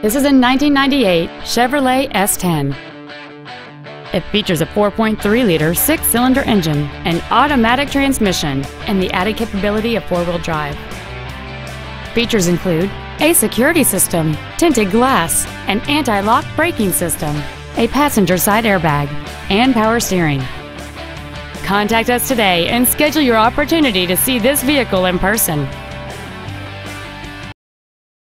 This is a 1998 Chevrolet S10. It features a 4.3-liter six-cylinder engine, an automatic transmission, and the added capability of four-wheel drive. Features include a security system, tinted glass, an anti-lock braking system, a passenger side airbag, and power steering. Contact us today and schedule your opportunity to see this vehicle in person.